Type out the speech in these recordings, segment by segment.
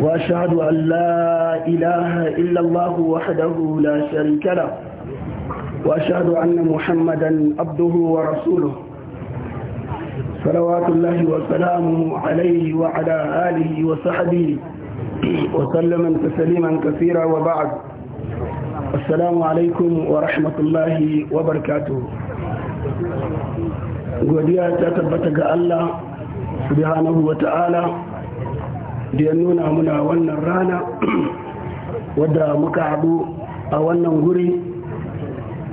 وأشهد أن لا إله إلا الله وحده لا شريك له وأشهد أن محمدا عبده ورسوله صلوات الله وسلامه عليه وعلى آله وصحبه وسلم تسليما كثيرا وبعد السلام عليكم ورحمة الله وبركاته وديا تتبتك الله سبحانه وتعالى da ya nuna muna wannan rana wadda muka haɗu a wannan guri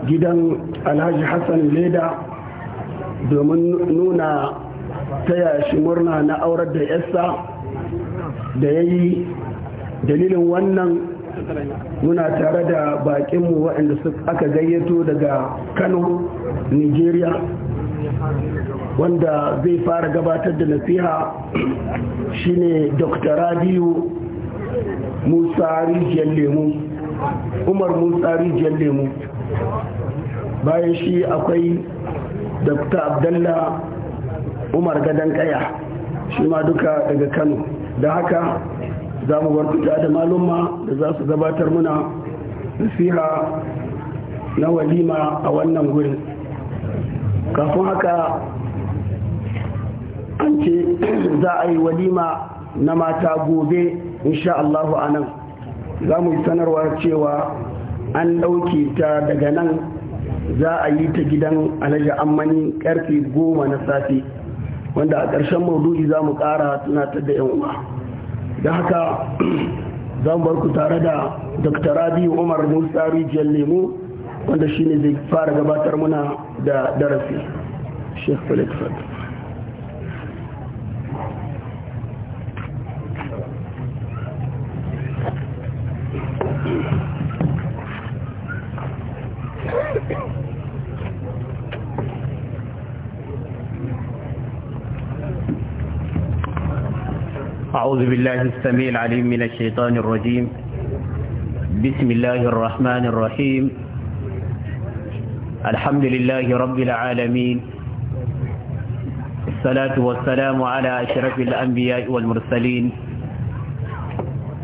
gidan alhaji hassan leda domin nuna ta yashi murna na aurar da yasa da ya yi dalilin wannan muna tare da bakinmu waɗanda aka gayyato daga kano nigeria wanda zai fara gabatar da nasiha shine dr rabiu musa rijiyar lemu umar musa rijiyar lemu bayan shi akwai dr Abdullah umar gadon kaya shi ma duka daga kano da haka za mu warkuta da malumma da za su gabatar muna nasiha na walima a wannan gurin kafin haka an ce za a yi walima na mata gobe insha Allahu a nan za mu yi sanarwa cewa an ɗauke ta daga nan za a yi ta gidan alhaji ammani karfe goma na safe wanda a ƙarshen maududi za mu ƙara tunatar da 'yan uwa da haka za mu bar ku tare da dr rabi umar musa rijiyar lemu wanda shine zai fara gabatar muna da darasi sheikh felix أعوذ بالله السميع العليم من الشيطان الرجيم بسم الله الرحمن الرحيم الحمد لله رب العالمين الصلاة والسلام على أشرف الأنبياء والمرسلين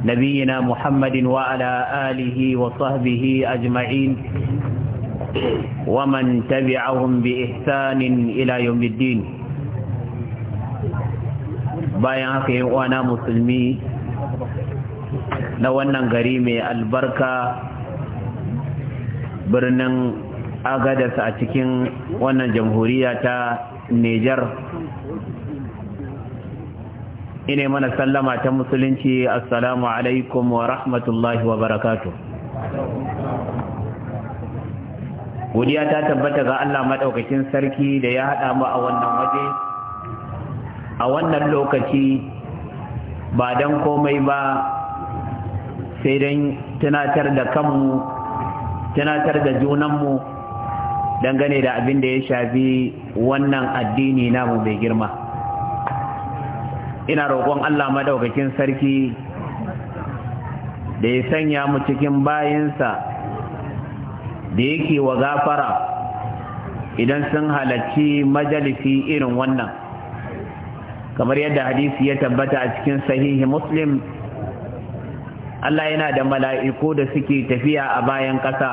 نبينا محمد وعلى آله وصحبه أجمعين ومن تبعهم بإحسان إلى يوم الدين bayan haka yin uwana musulmi na wannan gari mai albarka birnin agadas a cikin wannan jamhuriya ta Niger. ine mana sallama ta musulunci assalamu alaikum wa rahmatullahi wa barakatu godiya ta tabbata ga allah maɗaukakin sarki da ya haɗa mu a wannan waje a wannan lokaci ba dan komai ba sai don tunatar da kanmu tunatar da junanmu dangane da abin da ya shafi wannan addini namu mai girma ina roƙon allah madaukakin sarki da ya sanya mu cikin bayansa da yake wa gafara idan sun halarci majalisi irin wannan kamar yadda hadisi ya tabbata a cikin sahihi muslim Allah yana da mala'iku da suke tafiya a bayan ƙasa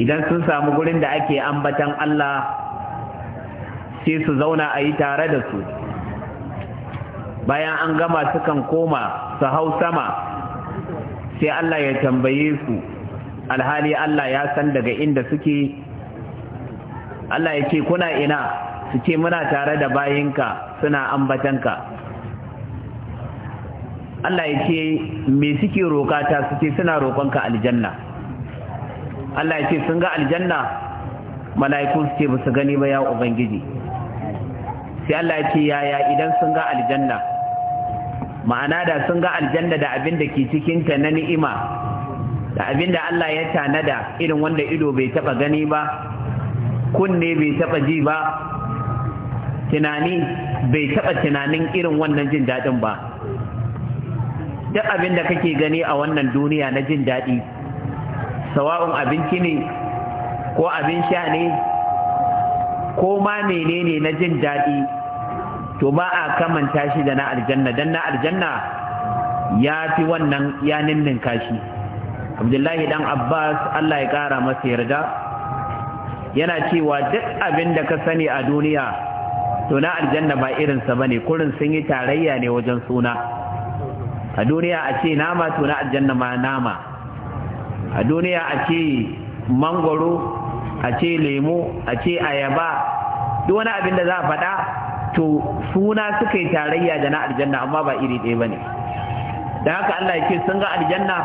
idan sun samu gurin da ake ambatan Allah sai su zauna a yi tare da su bayan an gama sukan koma su hau sama sai Allah ya tambaye su alhali Allah ya san daga inda suke Allah ya ce kuna ina su ce muna tare da bayinka suna ambatanka Allah ya ce me suke roƙata su ce suna roƙonka aljanna Allah ya ce sun ga aljanna mala'iku su ce ba su gani ba ya ubangiji sai Allah ya ce yaya idan sun ga aljanna ma'ana da sun ga aljanna da abin da ke cikinta na ni'ima da abin da Allah ya da irin wanda ido bai taba gani ba kunne bai taba ji ba tunani bai taɓa tunanin irin wannan jin daɗin ba duk abin da kake gani a wannan duniya na jin daɗi sawa'un abinci ne ko abin sha ne ko ma menene na jin daɗi to ba a kamanta shi da na aljanna don na aljanna ya fi wannan ya ninninka shi abdullahi dan abbas allah ya ƙara masa yarda yana cewa duk abin da ka sani a duniya to na aljanna ba irinsa ba ne kurin sun yi tarayya ne wajen suna a duniya a ce nama to na aljanna ma nama a duniya a ce mangoro a ce lemu a ce ayaba duk wani abin da za a faɗa to suna suka yi tarayya da na aljanna amma ba iri ɗaya ba ne da haka Allah ya sun ga aljanna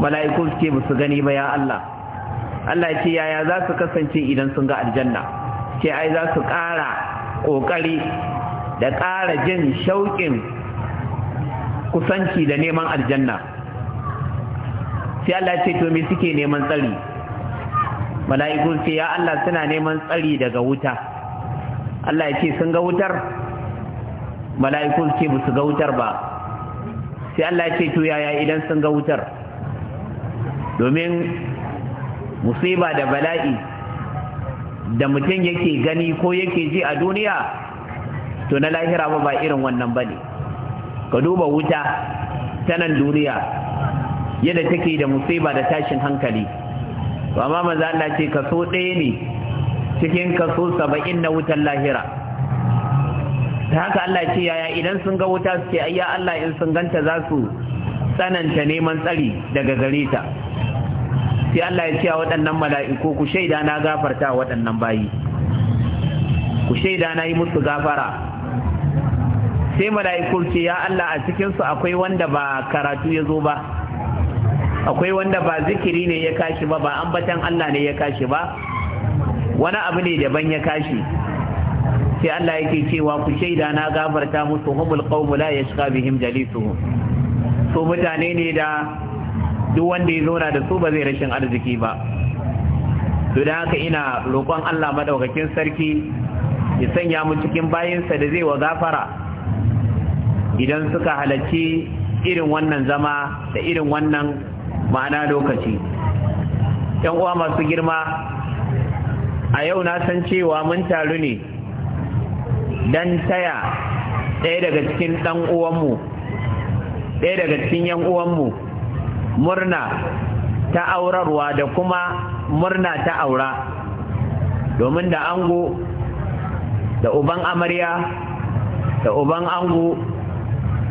mala'iku suke ba su gani ba ya Allah Allah ya yaya za su kasance idan sun ga aljanna ke ai za su ƙara ƙoƙari da ƙara jin shauƙin kusanci da neman aljanna sai Allah ce to me suke neman tsari mala'iku sai ya Allah suna neman tsari daga wuta Allah ya ce sun ga wutar mala'iku sai ba su ga wutar ba sai Allah ya ce to yaya idan sun ga wutar domin musiba da bala'i da mutum yake gani ko yake ji a duniya to na lahira ba ba irin wannan bane ka duba wuta ta nan duniya yadda take da musiba da tashin hankali to amma manzo Allah ce kaso ɗaya ne cikin kaso saba'in na wutan lahira Ta haka Allah ce yaya idan sun ga wuta suke ayya Allah in sun ganta za su tsananta neman tsari daga gare ta sai Allah ya ce wa waɗannan mala'iku ku shaida na gafarta waɗannan bayi ku shaida na yi musu gafara sai mala'iku ce ya Allah a cikinsu akwai wanda ba karatu ya zo ba akwai wanda ba zikiri ne ya kashi ba ba ambatan Allah ne ya kashi ba wani abu ne daban ya kashi sai Allah yake cewa ku shaida na gafarta musu humul qawmu la yashqa bihim jalisuhum so mutane ne da duk wanda ya zauna da su ba zai rashin arziki ba to da haka ina roƙon Allah madaukakin sarki ya sanya mu cikin bayinsa da zai wa gafara idan suka halarci irin wannan zama da irin wannan ma'ana lokaci yan uwa masu girma a yau na san cewa mun taru ne dan taya ɗaya daga cikin ɗan uwanmu ɗaya daga cikin yan uwanmu murna ta aurarwa da kuma murna ta aura domin da ango da uban amarya da uban ango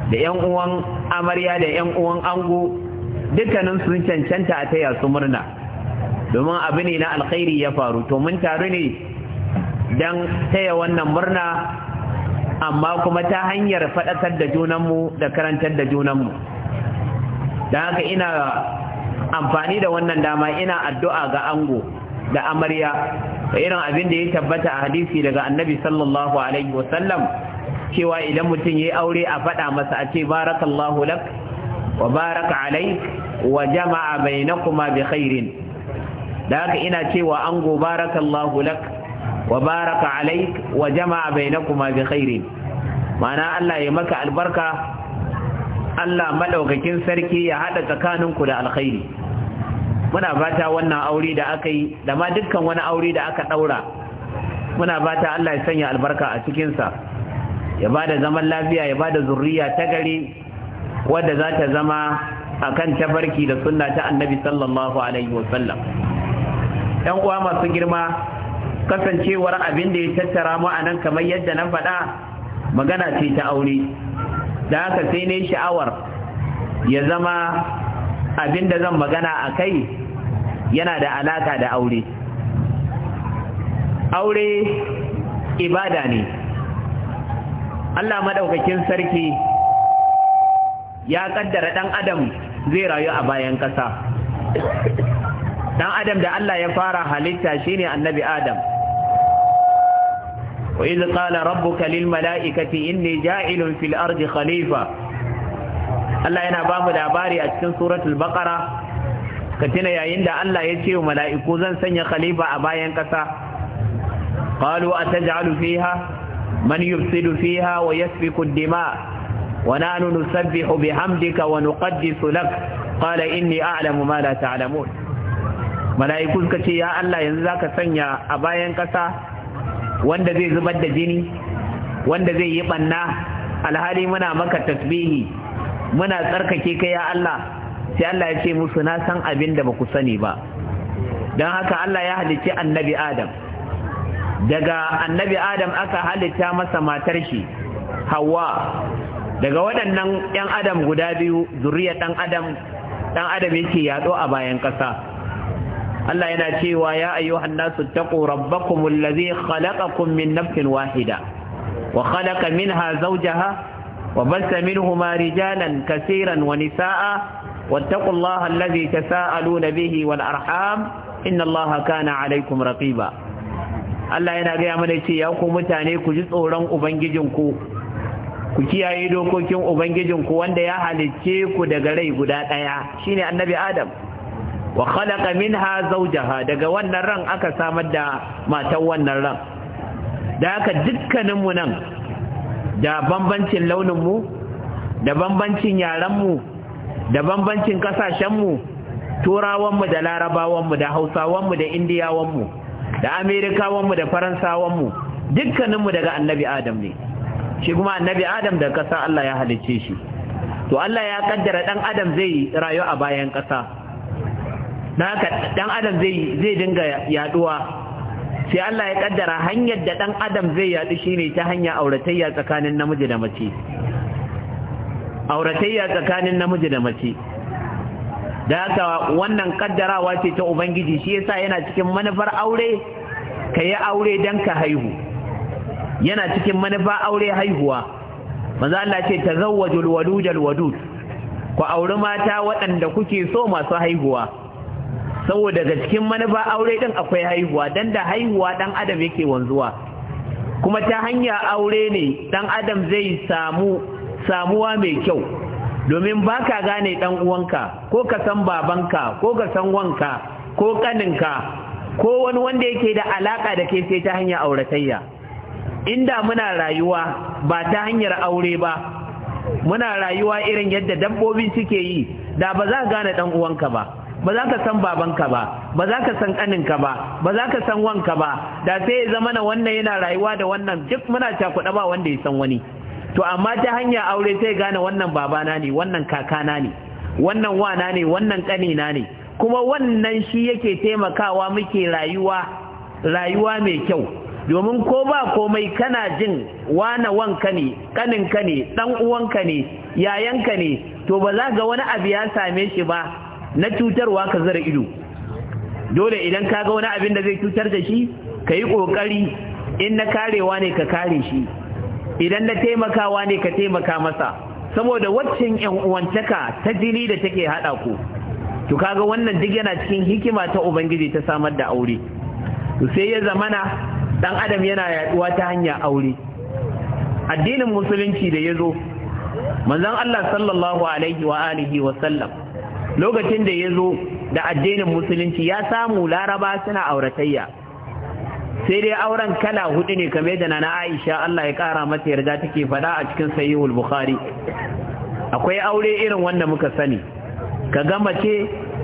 da 'yan uwan amarya da 'yan uwan ango dukkanin sun cancanta a taya su murna domin abu ne na alkhairi ya faru to mun taru ne don taya wannan murna amma kuma ta hanyar faɗakar da junanmu da karantar da junanmu da haka ina amfani da wannan dama ina addu'a ga ango da amarya da irin abin da ya tabbata a hadisi daga annabi sallallahu alaihi wasallam cewa idan mutum ya yi aure a faɗa masa a ce barakallahu lak wa baraka alai wa jama'a bainakuma bi khairin da haka ina cewa ango barakallahu lak wa baraka alaik wa jama'a bainakuma bi khairin ma'ana Allah ya maka albarka Allah madaukakin sarki ya hada tsakaninku da alkhairi muna bata wannan aure da aka yi da ma dukkan wani aure da aka daura muna bata Allah ya sanya albarka a cikin sa ya bada zaman lafiya ya bada zurriya ta gare wadda za ta zama akan tafarki da sunna ta Annabi sallallahu alaihi wasallam ɗan uwa masu girma kasancewar abin da ya tattara mu a nan kamar yadda na faɗa magana ce ta aure da haka sai ne sha'awar ya zama abin da zan magana a kai yana da alaka da aure aure ibada ne Allah maɗaukakin sarki ya ƙaddara ɗan adam zai rayu a bayan ƙasa. Ɗan adam da Allah ya fara halitta shine annabi adam وإذ قال ربك للملائكة إني جائل في الأرض خليفة الله ينا بام العباري أتكن سورة البقرة كتنا يا يندى الله يتشيو ملائكو زن سنة خليفة أبايا كسا قالوا أتجعل فيها من يفسد فيها ويسفك الدماء ونحن نسبح بحمدك ونقدس لك قال إني أعلم ما لا تعلمون ملائكو كتي يا الله ينزاك سنة أبايا كسا wanda zai zubar da jini wanda zai yi banna alhali muna maka tasbihi muna tsarkake kai ya Allah sai Allah ya ce musu na san abin da baku sani ba don haka Allah ya halicci annabi Adam daga annabi Adam aka halitta masa matar shi Hawwa daga waɗannan 'yan Adam guda biyu zuriya ɗan Adam ɗan Adam yake yaɗo a bayan ƙasa Allah yana cewa ya ayyuhan nasu taqu rabbakumul ladzi khalaqakum min nafsin wahida wa khalaqa minha zawjaha wa bassa minhuma rijalan kaseeran wa nisaa واتقوا الله الذي تساءلون به والأرحام إن الله كان عليكم Allah yana gaya mana ce ya ku mutane ku ji tsoron Ubangijinku ku kiyaye dokokin Ubangijinku wanda ya halicce ku daga rai guda ɗaya shine annabi Adam wa khalaqa minha zawjaha daga wannan ran aka samar da matan wannan ran da aka dukkanin mu nan da bambancin launin mu da bambancin yaran mu da bambancin kasashen mu turawan mu da larabawan mu da hausawan mu da indiyawan mu da amerikawan mu da faransawan mu dukkanin mu daga annabi adam ne shi kuma annabi adam da kasa Allah ya halicce shi to Allah ya kaddara dan adam zai rayu a bayan kasa na haka dan adam zai zai dinga yaduwa sai Allah ya kaddara hanyar da dan adam zai yadu shine ta hanya auratayya tsakanin namiji da mace auratayya tsakanin namiji da mace da haka wannan kaddarawa ce ta ubangiji shi yasa yana cikin manufar aure ka aure dan ka haihu yana cikin manufa aure haihuwa manzo Allah ce tazawwajul da alwadud ku auri mata waɗanda kuke so masu haihuwa saboda daga cikin manufa aure din akwai haihuwa dan da haihuwa dan adam yake wanzuwa kuma ta hanya aure ne dan adam zai samu samuwa mai kyau domin baka gane dan uwanka ko ka san babanka ko ka san wanka ko kaninka ko wani wanda yake da alaka da ke sai ta hanyar auratayya inda muna rayuwa ba ta hanyar aure ba muna rayuwa irin yadda dabbobi suke yi da ba za gane dan uwanka ba ba za ka san babanka ba ba za ka san ƙaninka ba ba za ka san wanka ba da sai ya zama na wannan yana rayuwa da wannan duk muna cakuɗa ba wanda ya san wani to amma ta hanya aure sai gane wannan babana ne wannan kakana ne wannan wana ne wannan ƙanina ne kuma wannan shi yake taimakawa muke rayuwa rayuwa mai kyau domin ko ba komai kana jin wana wanka ne ƙaninka ne ɗan uwanka ne yayanka ne to ba za ga wani abu ya same shi ba na cutarwa ka zara ido dole idan ka ga wani abin da zai cutar da shi ka yi ƙoƙari in na karewa ne ka kare shi idan na taimakawa ne ka taimaka masa saboda waccan yan uwantaka ta jini da take haɗa ku to kaga wannan duk yana cikin hikima ta ubangiji ta samar da aure to sai ya zamana dan adam yana yaduwa ta hanya aure addinin musulunci da yazo manzon Allah sallallahu alaihi wa alihi wa sallam lokacin da ya zo da addinin musulunci ya samu laraba suna auratayya sai dai auren kala hudu ne kamar da na aisha Allah ya kara mata yarda take fada a cikin sahihul bukhari akwai aure irin wanda muka sani ka ga mace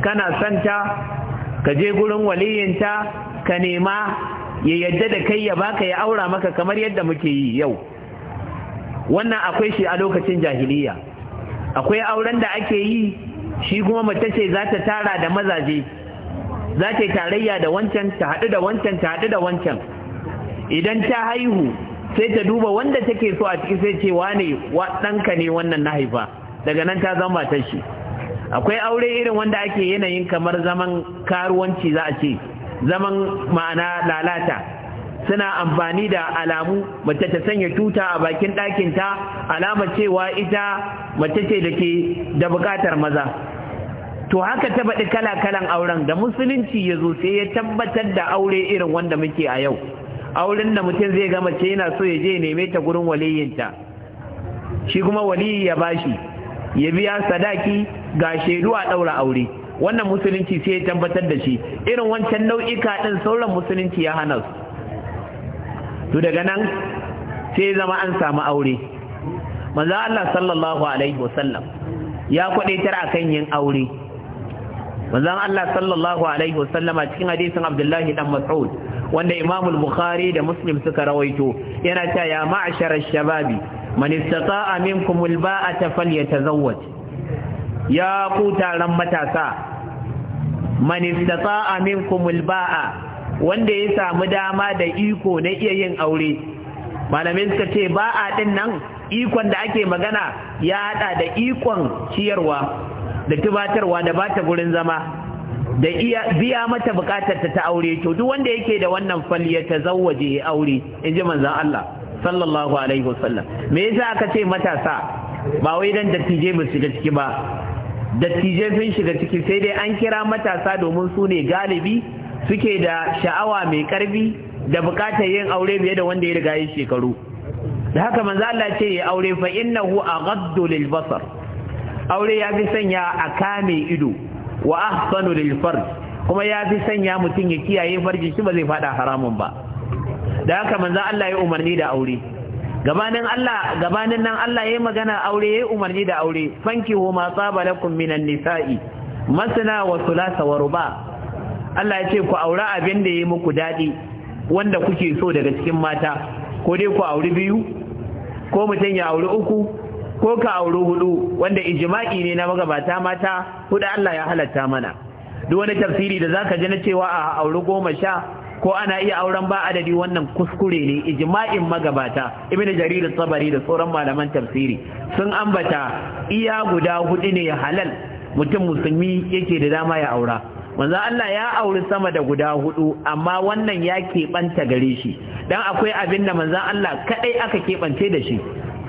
kana santa ka je gurin waliyinta ka nema ya yadda da kai ya baka ya aura maka kamar yadda muke yi yau wannan akwai shi a lokacin jahiliya akwai auren da ake yi shi kuma mace ce za ta tara da mazaje za ta tarayya da wancan ta haɗu da wancan ta haɗu da wancan idan ta haihu sai ta duba wanda take so a ciki sai ce wane ɗanka ne wannan na haifa daga nan ta zama ta shi akwai aure irin wanda ake yanayin kamar zaman karuwanci za a ce zaman ma'ana lalata suna amfani da alamu mace ta sanya tuta a bakin ɗakinta alama cewa ita mace ce da ke da buƙatar maza to haka ta baɗi kala-kalan auren da musulunci ya zo sai ya tabbatar da aure irin wanda muke a yau auren da mutum zai gama ce yana so ya je neme ta gurin waliyinta shi kuma waliyi ya bashi ya biya sadaki ga shaidu a ɗaura aure wannan musulunci sai ya tabbatar da shi irin wancan nau'ika ɗin sauran musulunci ya hana su to daga nan sai zama an samu aure manzo Allah sallallahu alaihi wasallam ya kwadaitar akan yin aure manzon Allah sallallahu alaihi wasallama cikin hadisin Abdullahi dan Mas'ud wanda Imam al-Bukhari da Muslim suka rawaito yana cewa ya ma'ashara shababi man istata'a minkum al-ba'ata falyatazawwaj ya ku taron matasa man istata'a minkum al-ba'a wanda ya samu dama da iko na iya yin aure malamin suka ce ba'a din nan ikon da ake magana ya hada da ikon ciyarwa da tubatarwa da bata gurin zama da iya biya mata bukatar ta aure to duk wanda yake da wannan fal ya tazawwaje ya aure in ji manzon Allah sallallahu alaihi wasallam me yasa aka ce matasa ba wai dan tije ba shiga ciki ba tije sun shiga ciki sai dai an kira matasa domin su ne galibi suke da sha'awa mai karfi da bukatar yin aure biye da wanda ya riga ya shekaru da haka manzo Allah ce ya aure fa innahu aghaddu lil basar aure ya fi sanya a kame ido wa ahsanu lil farj kuma ya fi sanya mutum ya kiyaye farji shi ba zai fada haramun ba da haka manzo Allah ya umarni da aure gabanin Allah gabanin nan Allah yayi magana aure yi umarni da aure fanki ma tsaba lakum minan nisa'i masna wa thulatha wa ruba Allah ya ce ku aura abin da yayi muku dadi wanda kuke so daga cikin mata ko dai ku aure biyu ko mutum ya aure uku ko ka auri hudu wanda ijma'i ne na magabata mata hudu Allah ya halatta mana duk wani tafsiri da zaka ji na cewa a auri goma sha ko ana iya auren ba adadi wannan kuskure ne ijma'in magabata ibn jarir sabari da sauran malaman tafsiri sun ambata iya guda hudu ne ya halal mutum musulmi yake da dama ya aura manzo Allah ya auri sama da guda hudu amma wannan ya keɓanta gare shi dan akwai abin da manzo Allah kadai aka keɓance da shi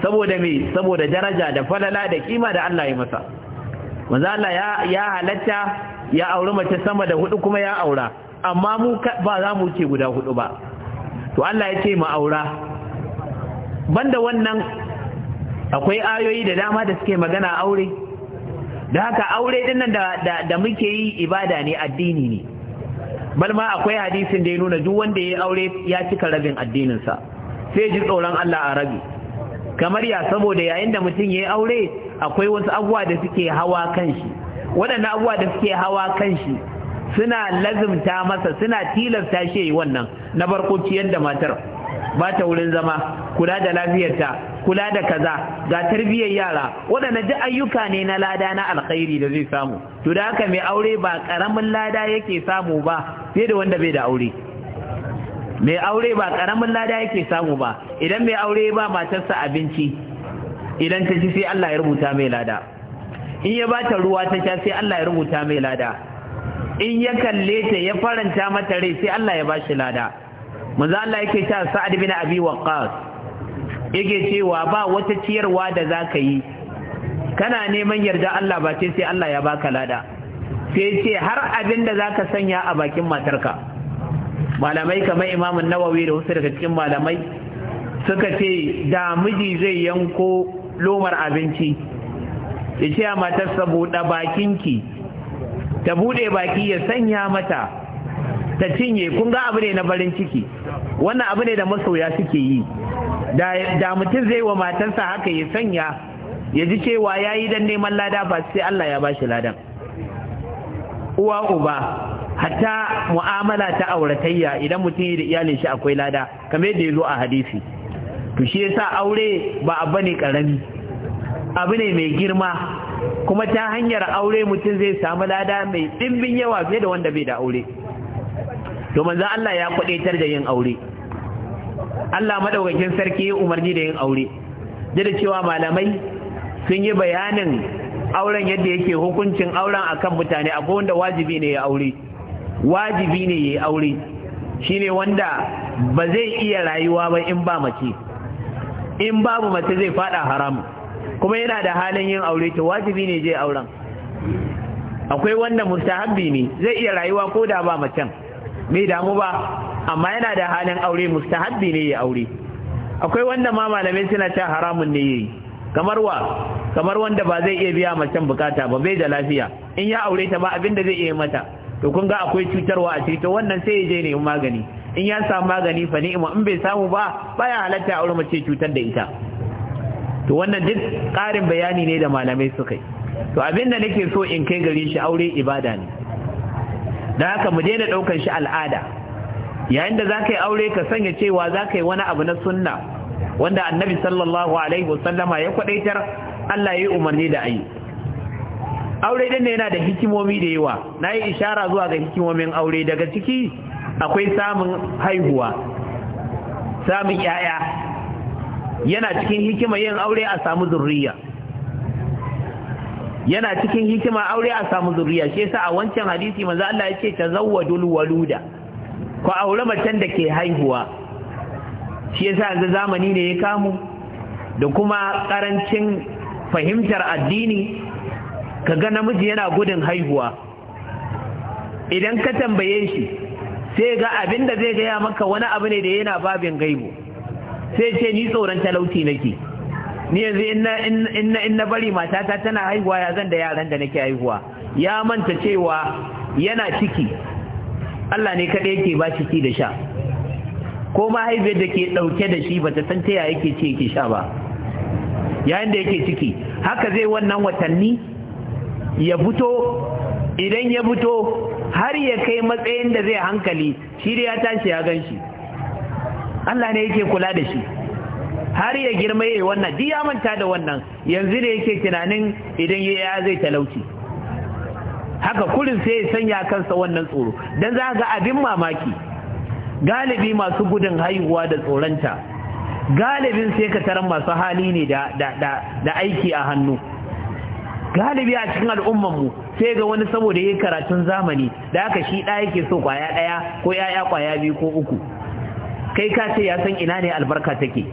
saboda me saboda daraja da falala da kima da Allah ya masa manzo Allah ya ya halatta ya auri mace sama da hudu kuma ya aura amma mu ba za mu ce guda hudu ba to Allah ya ce mu aura banda wannan akwai ayoyi da dama da suke magana aure da haka aure din nan da muke yi ibada ne addini ne balma akwai hadisin da ya nuna duk wanda ya aure ya cika rabin addininsa sai ji tsoron Allah a rabi kamar ya saboda yayin da mutum ya yi aure akwai wasu abuwa da suke hawa kan shi waɗannan abuwa da suke hawa kan shi suna lazimta masa suna tilasta shi yi wannan na farko ciyar da matar ba ta wurin zama kula da lafiyarta kula da kaza ga tarbiyyar yara waɗanda duk ayyuka ne na lada na alkhairi da zai samu to da haka mai aure ba ƙaramin lada yake samu ba sai da wanda bai da aure mai aure ba karamin lada yake samu ba idan mai aure ba matarsa abinci idan ta ci sai Allah ya rubuta mai lada in ya ba ta ruwa ta sha sai Allah ya rubuta mai lada in ya kalle ta ya faranta mata rai sai Allah ya ba shi lada manzo Allah yake cewa Sa'ad bin Abi Waqqas yake cewa ba wata ciyarwa da zaka yi kana neman yarda Allah ba sai Allah ya baka lada sai ce har abin da zaka sanya a bakin matarka malamai kamar imamun nawawi da wasu daga cikin malamai suka ce da miji zai yanko lomar abinci ya ce a matarsa buɗe bakinki ta buɗe baki ya sanya mata ta cinye kun ga abu ne na barin ciki wannan abu ne da masoya suke yi da mutum zai wa matarsa haka ya sanya ya ji cewa ya yi don neman lada ba sai Allah ya ba shi ladan uwa uba hatta mu'amala ta auratayya idan mutum da iyalin shi akwai lada kamar yadda ya zo a hadisi to shi yasa aure ba abu ne karami abu ne mai girma kuma ta hanyar aure mutum zai samu lada mai dimbin yawa fiye da wanda bai da aure to manzo Allah ya kwadaitar da yin aure Allah madaukakin sarki umarni da yin aure da cewa malamai sun yi bayanin auren yadda yake hukuncin auren akan mutane akwai wanda wajibi ne ya aure wajibi ne ya yi aure Shi ne wanda ba zai iya rayuwa ba in ba mace in babu mace zai fada haram kuma yana da halin yin aure to wajibi ne je auren akwai wanda mustahabbi ne zai iya rayuwa ko da ba macen bai damu ba amma yana da halin aure mustahabbi ne ya aure akwai wanda ma malamai suna ta haramun ne yayi kamar wa kamar wanda ba zai iya biya macen bukata ba bai da lafiya in ya aure ta ba abinda zai iya mata to kun ga akwai cutarwa a ciki wannan sai ya je ne magani in ya samu magani fa ni'ima in bai samu ba baya halatta a mace cutar da ita to wannan duk karin bayani ne da malamai suka yi to abin da nake so in kai gari shi aure ibada ne da haka mu daina ɗaukar shi al'ada yayin da za yi aure ka sanya cewa za yi wani abu na sunna wanda annabi sallallahu alaihi wasallama ya kwadaitar Allah ya yi umarni da ayi aure din yana da hikimomi da yawa na yi ishara zuwa ga hikimomin aure daga ciki akwai samun haihuwa samun yaya yana cikin hikima yin aure a samu zurriya yana cikin hikima aure a samu zurriya shi yasa a wancan hadisi manzo Allah ya ce tazawwadul waluda ko aure macen da ke haihuwa shi yasa yanzu zamani ne ya kamu da kuma karancin fahimtar addini ka ga namiji yana gudun haihuwa idan ka tambaye shi sai ga abin da zai gaya maka wani abu ne da yana babin gaibu sai ce ni tsoron talauci nake ni yanzu in na bari matata tana haihuwa ya zan da yaran da nake haihuwa ya manta cewa yana ciki Allah ne kaɗai yake ba ciki da sha ko mahaifiyar da ke ɗauke da shi bata san ta yake ce yake sha ba yayin da yake ciki haka zai wannan watanni ya fito idan ya fito har ya kai matsayin da zai hankali shi da ya tashi ya gan shi Allah ne yake kula da shi har ya girma ya yi wannan duk ya manta da wannan yanzu ne yake tunanin idan ya zai talauci haka kurin sai ya sanya kansa wannan tsoro don za ga abin mamaki galibi masu gudun haihuwa da tsoronta galibin sai ka masu hali ne da aiki a hannu galibi a cikin al'ummar mu sai ga wani saboda yayin karatun zamani da haka shi da yake so kwaya ɗaya ko yaya kwaya biyu ko uku kai ka ce ya san ina ne albarka take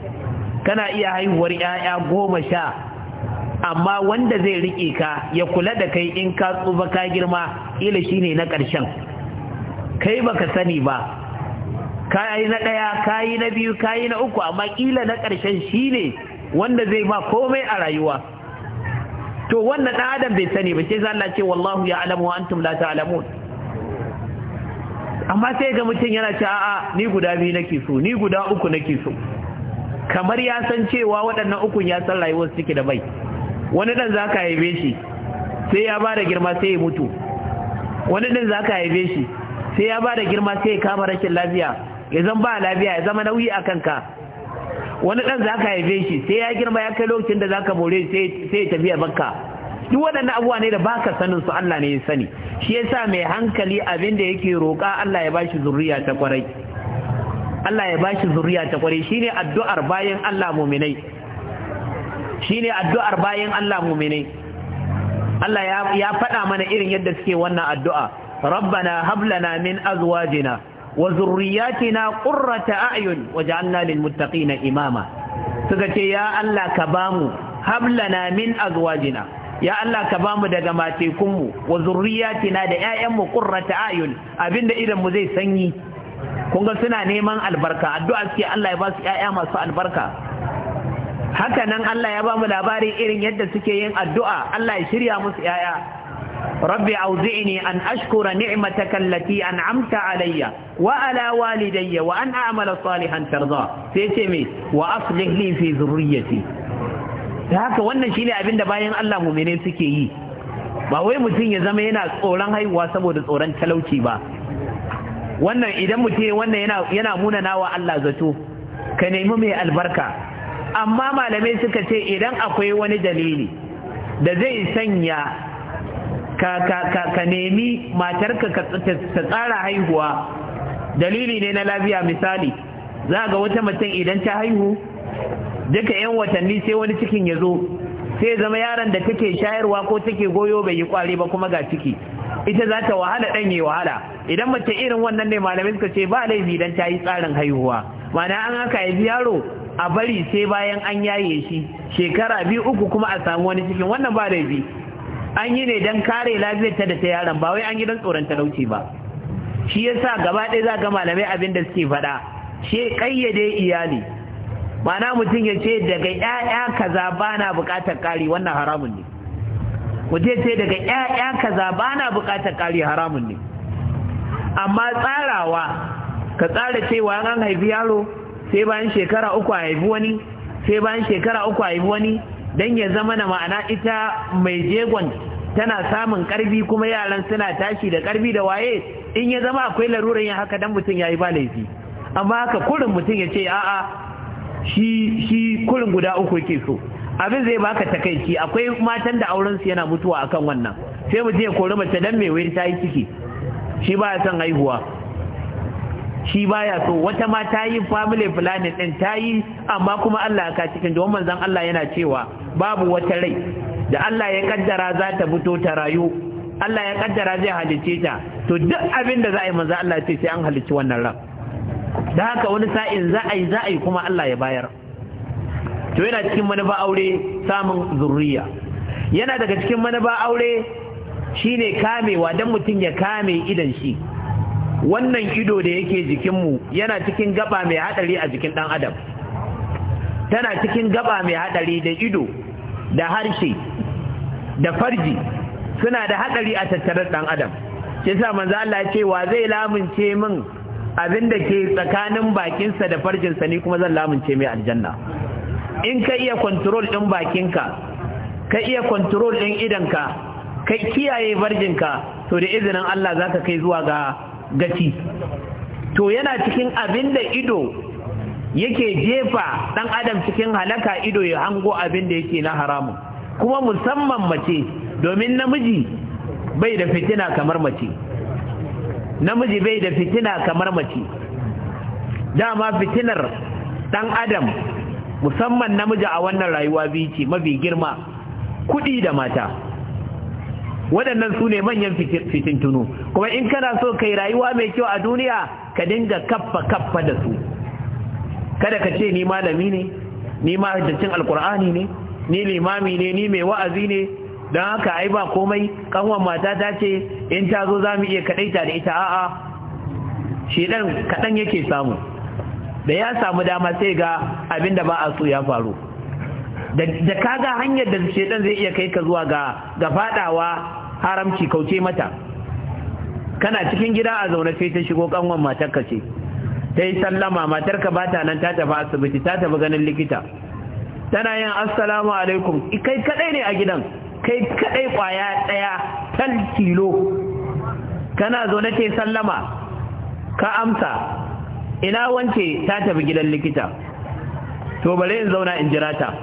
kana iya haihuwar yaya goma sha amma wanda zai rike ka ya kula da kai in ka tsufa ka girma ila shine na ƙarshen kai baka sani ba yi na ɗaya kayi na biyu kayi na uku amma ƙila na ƙarshen shi ne wanda zai ba komai a rayuwa to wannan ɗan adam bai sani ba sai za Allah ce wallahu ya alamu wa antum la ta'lamun amma sai ga mutum yana ce a'a ni guda biyu nake so ni guda uku nake so kamar ya san cewa waɗannan ukun ya san rayuwar suke da bai wani dan za ka haife shi sai ya bada girma sai ya mutu wani dan za ka haife shi sai ya bada girma sai ya kama rashin lafiya ya zan ba lafiya ya zama nauyi a ka. wani dan zaka haife shi sai ya girma ya kai lokacin da zaka more sai sai tafiya bakka duk waɗannan abubuwa ne da baka sanin su Allah ne ya sani shi yasa mai hankali abin da yake roƙa Allah ya bashi zuriya ta kwarai Allah ya bashi zuriya ta kwarai shine addu'ar bayan Allah mu'minai shine addu'ar bayan Allah mu'minai Allah ya faɗa mana irin yadda suke wannan addu'a rabbana hablana min azwajina wa zurriyatina qurrata a'yun waj'alna lil imama suka ce ya Allah ka bamu hablana min azwajina ya Allah ka bamu daga matekunmu wa zurriyatina da ƴaƴanmu qurrata a'yun abinda idan mu zai sanyi kun ga suna neman albarka addu'a suke Allah ya ba su ƴaƴa masu albarka haka nan Allah ya ba mu labari irin yadda suke yin addu'a Allah ya shirya musu ƴaƴa rabbi auzi'ni an ashkura ni'mataka allati an'amta alayya wa ala walidayya wa an a'mala salihan tarda sai ce me wa aslih li fi zurriyyati haka wannan shine abin da bayan Allah mu'mine suke yi ba wai mutum ya zama yana tsoron haihuwa saboda tsoron talauci ba wannan idan mutum wannan yana munana wa Allah zato ka nemi mai albarka amma malamai suka ce idan akwai wani dalili da zai sanya ka nemi matarka ta tsara haihuwa dalili ne na lafiya misali za ga wata mutum idan ta haihu duka 'yan watanni sai wani cikin ya zo sai zama yaron da take shayarwa ko take goyo bai yi kwari ba kuma ga ciki ita za ta wahala ɗan yi wahala idan mace irin wannan ne malamin suka ce ba laifi idan ta yi tsarin haihuwa mana an haka ya yaro a bari sai bayan an yaye shi shekara biyu uku kuma a samu wani cikin wannan ba laifi an yi ne don kare lafiyarta da ta yaron ba wai an yi don tsoron talauci ba shi yasa gaba ɗaya za ga malamai abin da suke faɗa shi ƙayyade iyali mana mutum ya ce daga 'ya'ya kaza ba na buƙatar ƙari wannan haramun ne mutum ce daga 'ya'ya kaza ba na buƙatar ƙari haramun ne amma tsarawa ka tsara cewa an haifi yaro sai bayan shekara uku a haifi wani sai bayan shekara uku a haifi wani don ya zama na ma'ana ita mai jegon tana samun karbi kuma yaran suna tashi da karbi da waye in ya zama akwai larurar yin haka dan mutum ya yi ba laifi amma haka kurin mutum ya ce a'a shi shi kurin guda uku yake so abin zai baka takaici akwai matan da auren su yana mutuwa akan wannan sai mutum ya kori mace dan mai wayar ta yi ciki shi ba ya son haihuwa shi baya so wata ma ta yi family planning din ta yi amma kuma Allah ka cikin don manzon Allah yana cewa babu wata rai da Allah ya kaddara za ta fito ta rayu Allah ya kaddara zai halice ta to duk abin da za a yi manzon Allah ce sai an halici wannan ran da haka wani sa'in za a yi za a yi kuma Allah ya bayar to yana cikin manufa aure samun zurriya yana daga cikin manufa aure shine kamewa dan mutum ya kame idan shi wannan ido da yake jikinmu yana cikin gaba mai hadari a jikin dan adam tana cikin gaba mai hadari da ido da harshe da farji suna da hadari a tattarar dan adam shi sa manzo Allah ya ce wa zai lamunce min abin da ke tsakanin bakinsa da farjinsa ni kuma zan lamunce mai aljanna in ka iya control din bakinka ka iya control din idanka ka kiyaye farjinka to da izinin Allah zaka kai zuwa ga gaci to yana cikin abin da ido yake jefa ɗan adam cikin halaka ido ya hango abin da yake na haramun kuma musamman mace domin namiji bai da fitina kamar mace namiji bai da fitina kamar mace dama fitinar ɗan adam musamman namiji a wannan rayuwa biyu ce mafi girma kuɗi da mata waɗannan su ne manyan fitintunu kuma in kana so kai rayuwa mai kyau a duniya ka dinga kaffa kaffa da su kada ka ce ni malami ne ni mahajjacin alkur'ani ne ni limami ne ni mai wa'azi ne don haka ai ba komai kanwan mata ta ce in ta zo za mu iya kaɗaita da ita a'a ɗan kaɗan yake samu da ya samu dama sai ga abin da ba a so ya faru da kaga hanyar da shedan zai iya kai ka zuwa ga ga fadawa haramci kauce mata kana cikin gida a zaune sai ta shigo kanwan matarka ce ta yi sallama matarka ba ta nan ta tafi asibiti ta tafi ganin likita tana yin assalamu alaikum kai kadai ne a gidan kai kadai kwaya daya tal kilo kana zaune ta yi sallama ka amsa ina wance ta tafi gidan likita to bare in zauna in jira ta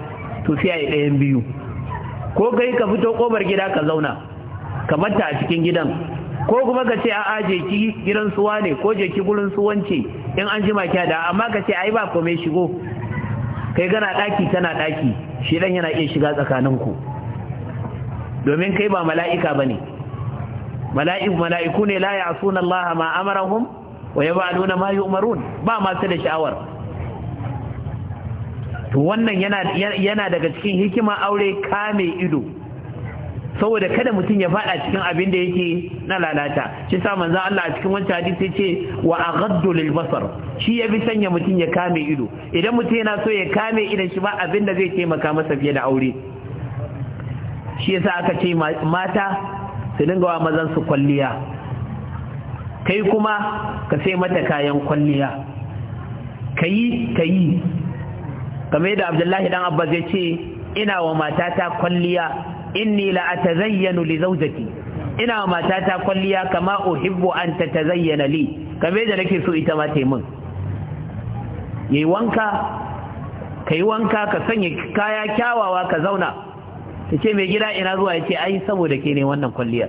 to sai ɗayan biyu ko kai ka fito ƙobar gida ka zauna ka ta a cikin gidan ko kuma ka ce a aje ki gidan suwa ne ko je ki gurin suwanci in an jima ki da amma ka ce ai ba komai shigo kai gana daki tana daki shi dan yana iya shiga tsakanin ku domin kai ba mala'ika bane mala'iku mala'iku ne la ya'suna Allah ma amarahum wa yab'aluna ma yu'marun ba ma su da sha'awar to wannan yana yana daga cikin hikima aure kame ido saboda kada mutum ya fada cikin abin da yake na lalata shi sa manzon Allah a cikin wancan hadisi ce wa aghaddu lil basar shi ya bi sanya mutum ya kame ido idan mutum yana so ya kame idan shi ba abin da zai taimaka masa fiye da aure shi yasa aka ce mata su dinga wa mazan su kwalliya kai kuma ka sai mata kayan kwalliya kayi kayi game da Abdullahi dan Abbas ya ce ina wa matata kwalliya inni la atazayyanu li zawjati ina matata kwalliya kama uhibbu an tatazayyana li kamar da nake so ita ma ta min yayi wanka kai wanka ka sanya kaya kyawawa ka zauna kace mai gida ina zuwa yace ai saboda ke ne wannan kwalliyar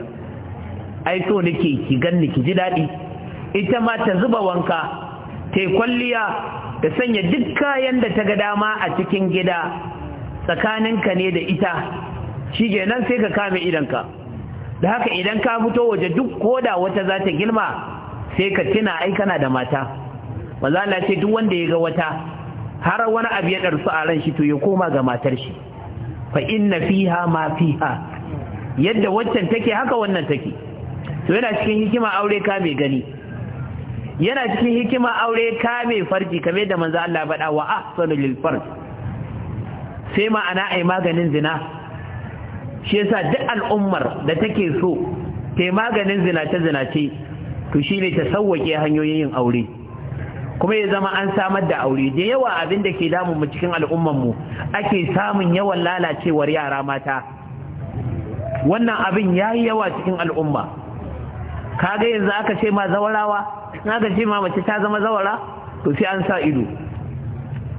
ai so nake ki ganni ki ji dadi ita ma ta zuba wanka ta kwalliya ta sanya duk kayan da ta ga dama a cikin gida tsakaninka ne da ita shi nan sai ka kame idanka da haka idan ka fito waje duk koda wata za ta girma sai ka tuna ai kana da mata maza na ce duk wanda ya ga wata har wani abu ya ɗarsu a ran shi to ya koma ga matar shi fa inna fiha ma fiha yadda waccan take haka wannan take to yana cikin hikima aure ka mai gani yana cikin hikima aure ka mai farji kamar da manzo Allah faɗa wa ahsanu lil farj sai ma'ana ai maganin zina shi yasa duk al'ummar da take so ta maganin zinace-zinace to shi ne ta sauwake hanyoyin yin aure kuma ya zama an samar da aure da yawa abin da ke damun mu cikin mu ake samun yawan lalacewar yara mata wannan abin ya yi yawa cikin al'umma Ka ga yanzu aka ce ma zawarawa aka ce ma mace ta zama zawara to sai an sa ido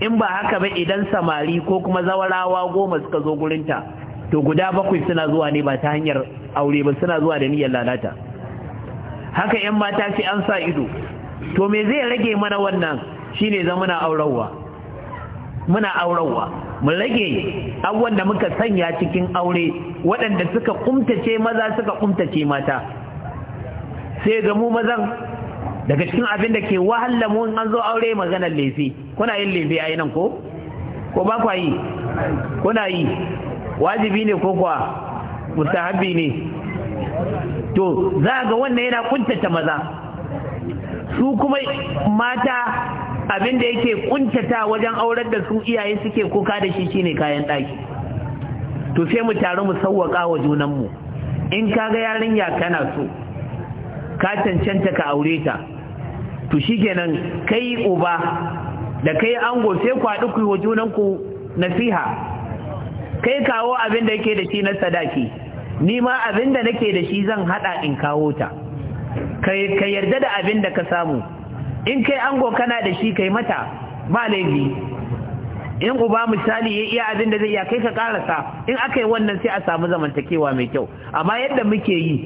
in ba haka ba idan samari ko kuma zawarawa goma suka zo gurinta to guda bakwai suna zuwa ne ba ta hanyar aure ba suna zuwa da niyyar lalata haka yan mata sai an sa ido to me zai rage mana wannan shine zama muna muna aurawa Mun rage abubuwan da muka sanya cikin aure waɗanda suka kumtace maza suka kumtace mata sai ga mu mazan daga cikin abin da ke wahala mu an zo aure maganar lefe kuna yin lefe a nan ko ko ba kwa yi kuna yi wajibi ne ko kuwa mustahabi ne to za ga wannan yana kuntata maza su kuma mata abin da yake kuntata wajen aurar da su iyaye suke kuka da shi shine kayan ɗaki to sai mu taru mu sauwaka wa junan mu. in ka ga yarinya kana so ka cancanta ka aure ta to shikenan kai uba da kai ango sai ku haɗu ku yi wa junanku nasiha kai kawo abin da yake da shi na sadaki ni ma abin da nake da shi zan hada in kawo ta ka yarda da abin da ka samu in kai ango kana da shi kai mata ba laifi in uba misali ya iya abin da zai iya kai ka karasa in aka yi wannan sai a samu zamantakewa mai kyau amma yadda muke yi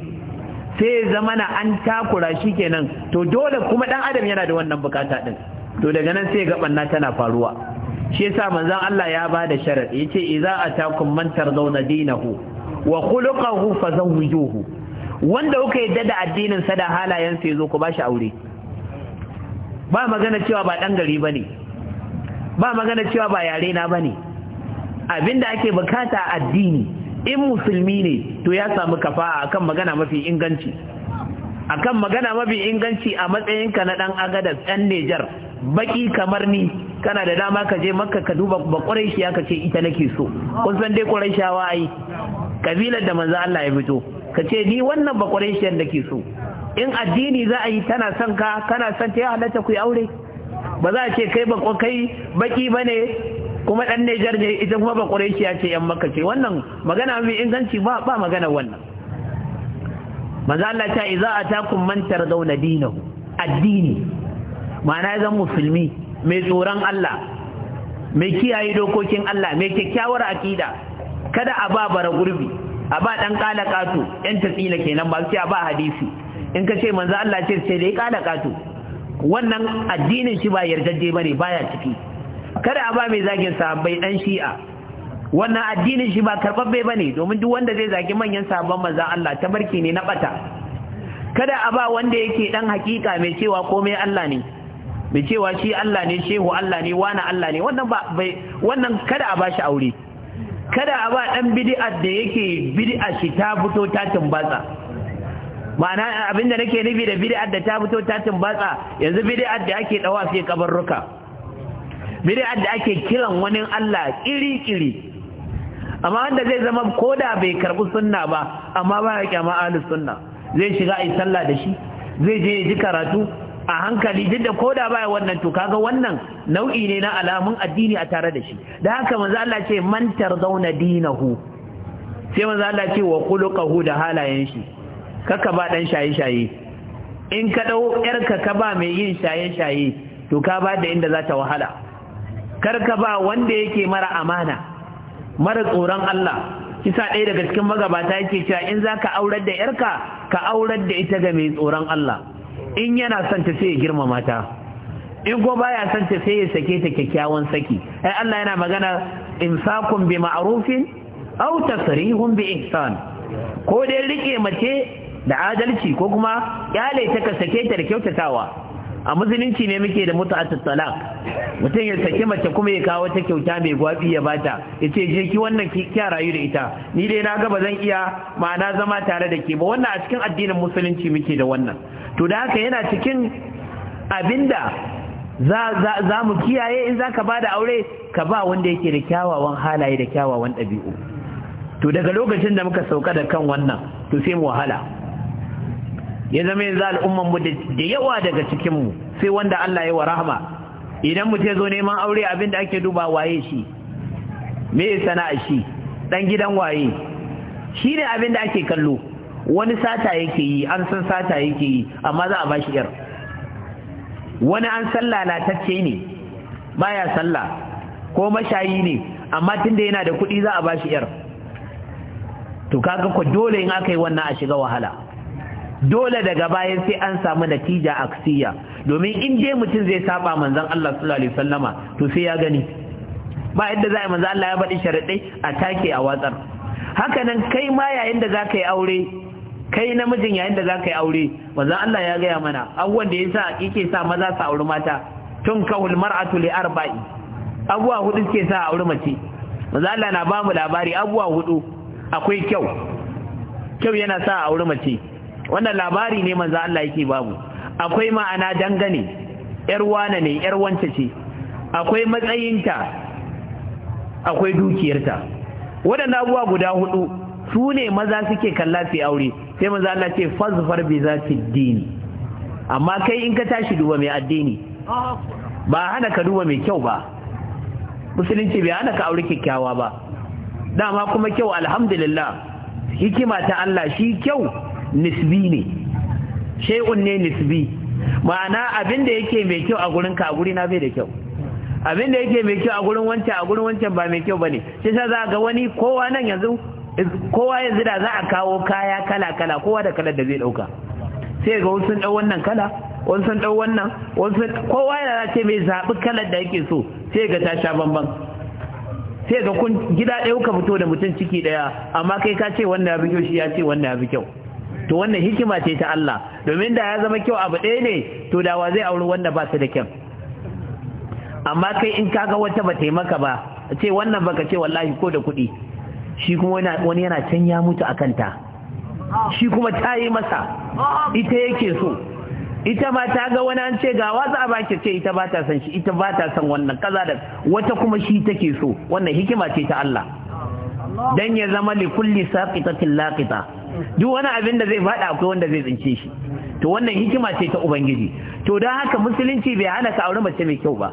sai zamana an takura shi kenan to dole kuma dan adam yana da wannan bukata din to daga nan sai ga na tana faruwa shi yasa manzon Allah ya ba da sharadi yace idza atakum man tardawna dinahu wa khuluquhu fazawwijuhu wanda kuka yadda da addinin sa da halayen sa yazo ku bashi aure ba magana cewa ba dan gari bane ba magana cewa ba yare na bane abinda ake bukata addini in musulmi ne to ya samu kafa'a akan magana mafi inganci akan magana mafi inganci a matsayinka na dan agadas dan Nijar baki kamar ni kana da dama ka je makka ka duba ba ƙuraishiya ka ce ita nake so kun san dai ƙuraishawa ai kabilar da manzo Allah ya fito ka ce ni wannan ba ƙurashiyar da ke so in addini za a yi tana son ka kana son ta ya halatta ku yi aure ba za a ce kai ba kai baki ba ne kuma ɗan Niger ne ita kuma ba ƙurashiya ce yan maka ce wannan magana mai inganci ba ba magana wannan manzo Allah ta iza atakum man tardawna dinahu addini ma'ana ya zama musulmi mai tsoron Allah mai kiyaye dokokin Allah mai kyakkyawar aƙida. kada a ba bara gurbi a ba dan kala katu yan tafila kenan ba sai a ba hadisi in ka ce manzo Allah ce sai dai kala katu wannan addinin shi ba yardaje bane baya ciki kada a ba mai zagin sahabbai dan shi'a wannan addinin shi ba karbabbe bane domin duk wanda zai zagi manyan sahabban manzo Allah ta tabarki ne na bata kada a ba wanda yake dan hakika mai cewa komai Allah ne mai cewa shi Allah ne shehu Allah ne wani Allah ne wannan kada a bashi aure kada a ba dan bid'a da yake bid'a shi ta fito ta tumbatsa ma'ana abinda nake nufi da bid'a da ta fito ta tumbatsa yanzu bid'a da ake dawa sai kabarruka bid'a da ake kiran wani Allah kiri kiri amma wanda zai zama ko da bai karɓi sunna ba amma ba ya kyama ahlus sunna zai shiga ai sallah da shi zai je ya ji karatu a hankali duk da koda baya wannan to kaga wannan nau'i ne na alamun addini a tare da shi da haka manzo Allah ce man tarzauna dinahu sai manzo Allah ce wa khuluquhu da halayen shi kaka ba dan shaye shaye in ka dau yarka ka ba mai yin shaye shaye to ka ba da inda za ta wahala kar ka ba wanda yake mara amana mara tsoron Allah kisa ɗaya daga cikin magabata yake cewa in za ka aurar da yarka ka aurar da ita ga mai tsoron Allah in yana son ta sai ya girmama ta in ko baya son ta sai ya sake ta kyakkyawan saki ai Allah yana magana insakum bi ma'rufin aw tasrihun bi ihsan ko dai rike mace da adalci ko kuma yale ta ka sake ta da kyautatawa a musulunci ne muke da mutu a talaq mutum ya saki mace kuma ya kawo ta kyauta mai gwabi ya bata yace je ki wannan ki kya rayu da ita ni dai na ga ba zan iya ma'ana zama tare da ke ba wannan a cikin addinin musulunci muke da wannan to da haka yana cikin abinda za mu kiyaye in zaka bada aure ka ba wanda yake da kyawawan halaye da kyawawan ɗabi'u to daga lokacin da muka sauka da kan wannan to sai mu wahala ya zama yanzu al'umman mu da yawa daga cikin mu sai wanda Allah ya wa rahama idan mu zo neman aure abin da ake duba waye shi me sana'a shi dan gidan waye shi ne abin da ake kallo wani sata yake yi an san sata yake yi amma za a bashi yar wani an sallah latacce ne baya sallah ko mashayi ne amma tunda yana da kuɗi za a bashi yar to kaga ko dole in aka yi wannan a shiga wahala dole daga bayan sai an samu natija aksiya domin in dai mutum zai saba manzon Allah sallallahu alaihi wasallama to sai ya gani ba yadda za a manzon Allah ya bada sharaɗai a take a watsar haka nan kai ma yayin da za yi aure kai namijin yayin da za yi aure manzon Allah ya gaya mana abubuwan da yasa yake sa maza su auri mata tun kahul mar'atu li arba'i abubuwa hudu suke sa auri mace manzon Allah na ba mu labari abubuwa hudu akwai kyau kyau yana sa auri mace wannan labari ne manzo Allah yake babu akwai ma'ana dangane yar wana ne yar wanta ce akwai matsayinta akwai dukiyarta waɗannan uwa guda hudu su ne maza suke kalla su aure sai manzo Allah ce fazfar bi zati dini amma kai in ka tashi duba mai addini ba hana ka duba mai kyau ba musulunci bai hana ka aure kyakkyawa ba dama kuma kyau alhamdulillah hikima ta Allah shi kyau nisbi ne shay'un ne nisbi ma'ana abin da yake mai kyau a gurin ka a guri na bai da kyau abin da yake mai kyau a gurin wancan a gurin wancan ba mai kyau bane shi sa za ga wani kowa nan yanzu kowa yanzu da za a kawo kaya kala kala kowa da kalar da zai dauka sai ga wasu dau wannan kala wasu sun dau wannan wasu kowa yana ce mai zabi kalar da yake so sai ga ta sha bamban sai ga kun gida ɗaya kuka fito da mutum ciki ɗaya amma kai ka ce wannan abin kyau shi ya ce wannan abin kyau to wannan hikima ce ta Allah domin da ya zama kyau abu ɗaya ne to da wa zai auri wanda ba su da kyau amma kai in kaga wata ba taimaka ba ce wannan baka ce wallahi ko da kuɗi shi kuma wani yana can ya mutu a kanta shi kuma ta yi masa ita yake so ita ma ta ga wani an ce ga wasu a baki ce ita ba ta san shi ita ba ta san wannan kaza da wata kuma shi take so wannan hikima ce ta Allah dan ya zama li kulli saqitatin laqita duk wani abin da zai faɗa akwai wanda zai tsince shi to wannan hikima ce ta ubangiji to don haka musulunci bai hana ka aure mace mai kyau ba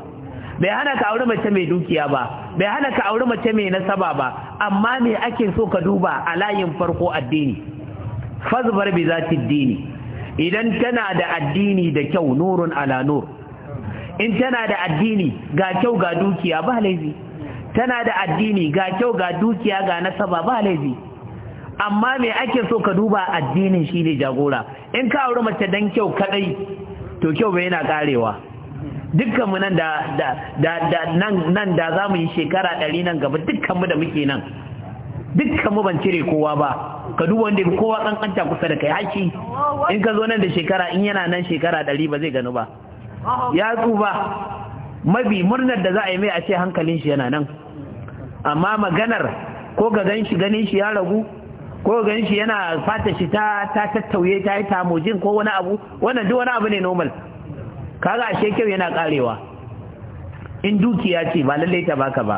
bai hana ka aure mace mai dukiya ba bai hana ka aure mace mai nasaba ba amma me ake so ka duba a layin farko addini fazbar bi zati dini idan tana da addini da kyau nurun ala nur in tana da addini ga kyau ga dukiya ba laifi tana da addini ga kyau ga dukiya ga nasaba ba laifi amma me ake so ka duba addinin shi ne jagora in ka auri mace dan kyau kadai to kyau bai yana karewa dukkan mu nan da nan nan da zamu yi shekara ɗari nan gaba dukkan mu da muke nan dukkan mu ban cire kowa ba ka duba wanda kowa kanta kusa da kai haki in ka zo nan da shekara in yana nan shekara ɗari ba zai gano ba ya tsufa mabi murnar da za a yi mai a ce hankalin shi yana nan amma maganar ko ga gan shi ganin shi ya ragu ko gan shi yana fata shi ta ta tattauye ta yi tamojin ko wani abu wannan duk wani abu ne normal kaga ashe kyau yana karewa in dukiya ce ba lallai ta baka ba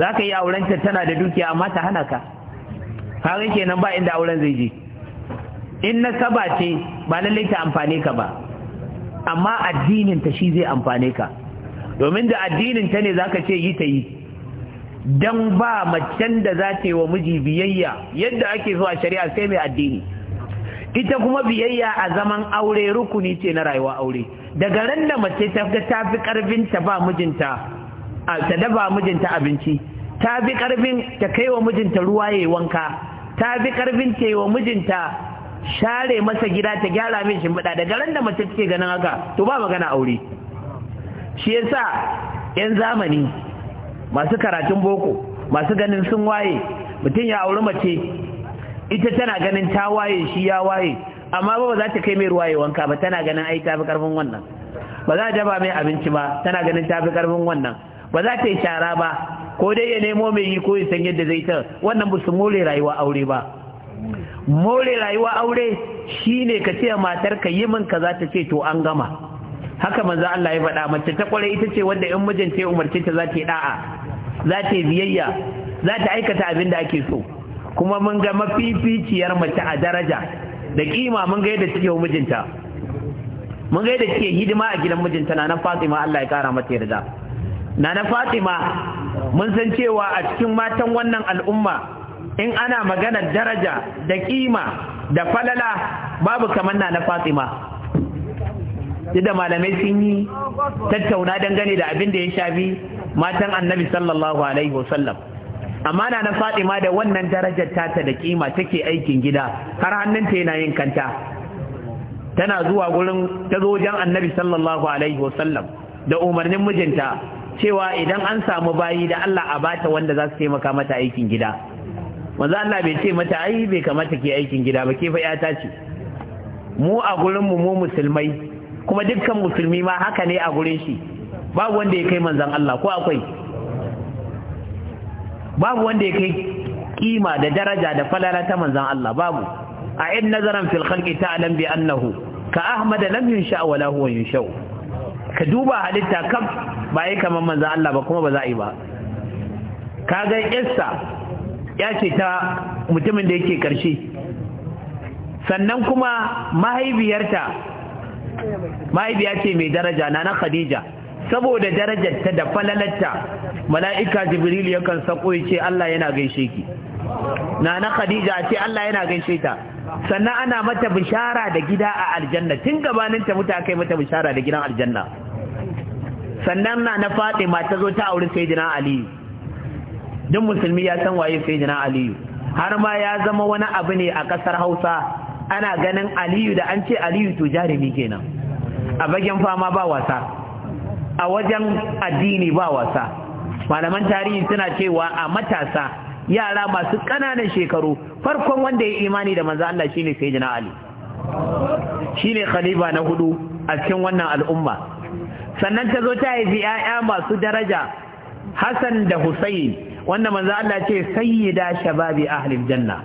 za ka yi auren ta tana da dukiya amma ta hana ka kaga kenan ba inda auren zai je in na saba ce ba lallai ta amfane ka ba amma addinin ta shi zai amfane ka domin da addinin ta ne zaka ce yi ta yi dan ba macen da za ta yi wa miji biyayya yadda ake zuwa shari'a sai mai addini ita kuma biyayya a zaman aure rukuni ce na rayuwa aure daga ran da mace ta ga ta fi karfin ta ba mijinta ta dafa mijinta abinci ta fi karfin ta kai wa mijinta ruwa yayi wanka ta fi karfin ta yi wa mijinta share masa gida ta gyara min shimfiɗa daga ran da mace take ganin haka to ba magana aure shi yasa yan zamani masu karatun boko masu ganin sun waye mutum ya auri mace ita tana ganin ta waye shi ya waye amma ba za ta kai mai ruwaye wanka ba tana ganin ai ta fi karfin wannan ba za ta ba mai abinci ba tana ganin ta fi karfin wannan ba za ta yi shara ba ko dai ya nemo mai yi ko ya san yadda zai ta wannan ba su more rayuwa aure ba more rayuwa aure shine ka ce matar ka yi min kaza ta ce to an gama haka manzo Allah ya faɗa mace ta kware ita ce wanda in mijinta ya umarce ta za ta yi da'a za ta yi biyayya za ta aikata abin da ake so kuma mun ga mafificiyar mace a daraja da kima mun ga yadda take mijinta mun ga yadda take hidima a gidan mijinta na nan Fatima Allah ya kara mata yarda na na Fatima mun san cewa a cikin matan wannan al'umma in ana magana daraja da kima da falala babu kamar na na Fatima da malamai sun yi tattauna dangane da abin da ya shafi matan annabi sallallahu alaihi wasallam amma na na fatima da wannan darajar tata da kima take aikin gida har hannunta yana yin kanta tana zuwa gurin ta zo annabi sallallahu alaihi wasallam da umarnin mijinta cewa idan an samu bayi da Allah a bata wanda za su taimaka mata aikin gida manzo Allah bai ce mata ai bai kamata ke aikin gida ba ke fa yata ce mu a gurin mu mu musulmai kuma dukkan musulmi ma haka ne a gurin shi babu wanda ya kai manzan Allah ko akwai babu wanda ya kai kima da daraja da falala ta manzan Allah babu a in nazaran fil khalqi ta'lam bi annahu ka ahmad lam yunsha wala huwa yunsha ka duba halitta kam ba yi kamar manzan Allah ba kuma ba za a yi ba ka ga issa ya ce ta mutumin da yake karshe sannan kuma mahaifiyarta mahaifiya ce mai daraja na na Khadija saboda darajarta da falalarta mala'ika jibril yakan sako ya ce Allah yana gaishe ki nana khadija ce Allah yana gaishe ta sannan ana mata bishara da gida a aljanna tun gabaninta muta kai mata bishara da gidan aljanna sannan na na fatima ta zo ta auri sayyidina ali duk musulmi ya san waye sayyidina ali har ma ya zama wani abu ne a kasar hausa ana ganin aliyu da an ce aliyu to jarumi kenan a bagen fama ba wasa a wajen addini ba wasa malaman tarihi suna cewa a matasa yara masu ƙananan shekaru farkon wanda ya yi imani da manzo Allah shine sayyidina Ali shine khalifa na hudu a cikin wannan al'umma sannan ta zo ta haifi 'ya'ya masu daraja Hassan da Hussein wanda manzo Allah ce sayyida shababi ahlil janna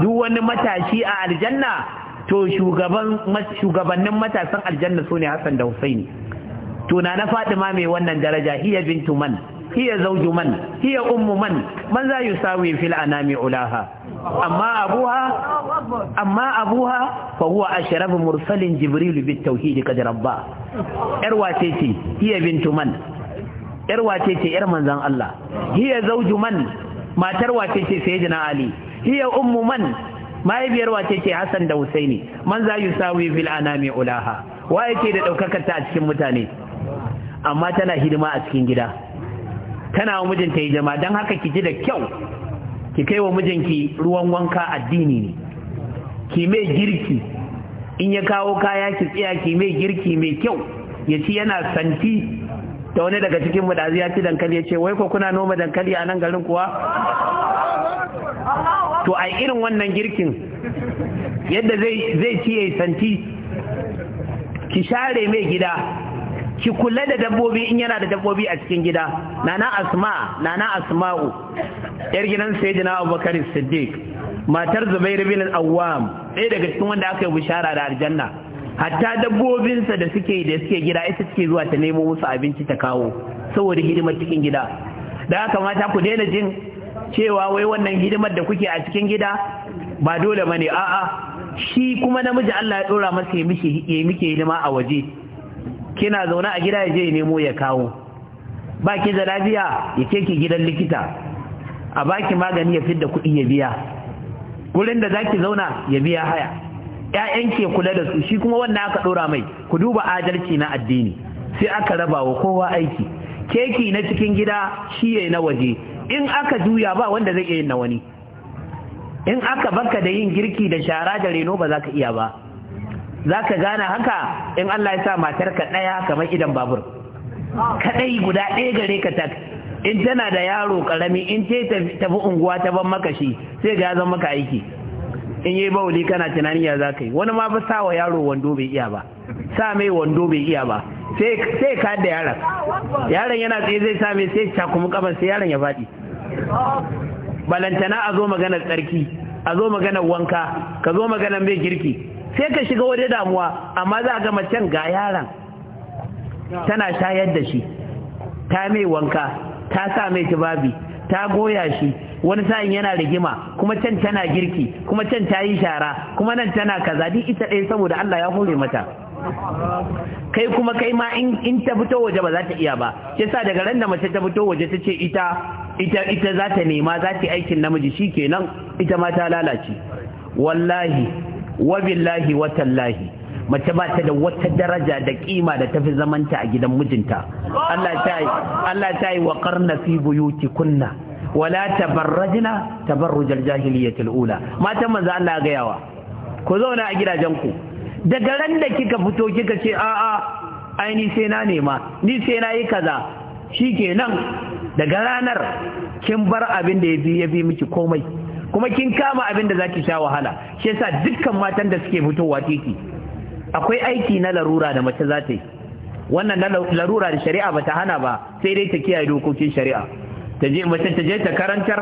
duk wani matashi a aljanna to shugabannin matasan aljanna su ne Hassan da Hussein Tuna na na fatima mai wannan daraja hiya bintu man hiya zauju man hiya ummu man man za yi yusawi fil anami ulaha amma abuha amma abuha fa huwa ashrafu mursalin jibril bit tauhid kad rabba yar wace ce hiya bintu man yar wace ce yar manzon Allah hiya zauju man matar wace ce sayyidina ali hiya ummu man mahaifiyar wace ce Hassan da Husaini man za yi yusawi fil anami ulaha wa yake da daukakar ta a cikin mutane amma tana hidima a cikin gida tana wa mijinta yi jama don haka ki ji da kyau ki kai wa mijinki ruwan wanka addini ne ki mai girki in ya kawo kaya ki tsaya ki mai girki mai kyau ya ci yana santi da wani daga cikin mu ya ci dankali ya ce wai ko kuna noma dankali a nan garin kuwa to a irin wannan girkin yadda zai ci yi santi ki share mai gida ki kula da dabbobi in yana da dabbobi a cikin gida nana asma nana asma'u yar gidan sayyidina abubakar siddiq matar zubair bin al-awwam ɗaya daga cikin wanda aka yi bishara da aljanna hatta dabbobinsa da suke da suke gida ita suke zuwa ta nemo musu abinci ta kawo saboda hidimar cikin gida da haka mata ku daina jin cewa wai wannan hidimar da kuke a cikin gida ba dole bane a'a shi kuma namiji Allah ya dora masa ya miki hidima a waje kina zaune a gida ya je nemo ya kawo ba ki da lafiya ya ke ki gidan likita a baki magani ya fidda kuɗi ya biya gurin da zaki zauna ya biya haya ƴaƴan ke kula da su shi kuma wannan aka ɗora mai ku duba adalci na addini sai aka raba wa kowa aiki keki na cikin gida shi yayi na waje in aka juya ba wanda zai iya yin na wani in aka baka da yin girki da shara da reno ba za ka iya ba za ka gane haka in Allah ya sa matarka ɗaya kamar idan babur kaɗai guda ɗaya gare ka tak in tana da yaro ƙarami in ce ta fi unguwa ta ban maka shi sai ga zan maka aiki in yi bauli kana tunanin ya za ka yi wani ma fi sa wa yaro wando bai iya ba sa mai wando bai iya ba sai ka da yaron yaron yana tsaye zai sa mai sai kuma kaban sai yaron ya faɗi balantana a zo maganar tsarki a zo maganar wanka ka zo maganar mai girki sai ka shiga wani damuwa amma za a ga macen ga yaran tana shayar da shi ta mai wanka ta sa mai tubabi ta goya shi wani sa'in yana rigima kuma can tana girki kuma can ta yi shara kuma nan tana kaza duk ita ɗaya saboda Allah ya hore mata kai kuma kai ma in ta fito waje ba za ta iya ba shi sa daga ran da mace ta fito waje ta ce ita ita za ta nema za ta yi aikin namiji shi shikenan ita ma ta lalace wallahi wa billahi wa mace ba ta da wata daraja da kima da tafi zamanta a gidan mijinta Allah ta yi Allah ta yi wa qarna fi kunna wala tabarrajna tabarrujal jahiliyatil ula mata manzo Allah gayawa ku zauna a gidajen ku daga ran da kika fito kika ce a a ai ni sai na nema ni sai na yi kaza shikenan daga ranar kin bar abin da ya bi ya miki komai kuma kin kama abin da zaki sha wahala shi yasa dukkan matan da suke fitowa titi akwai aiki na larura da mace za ta yi wannan larura da shari'a bata hana ba sai dai ta kiyaye dokokin shari'a ta je mace ta je ta karantar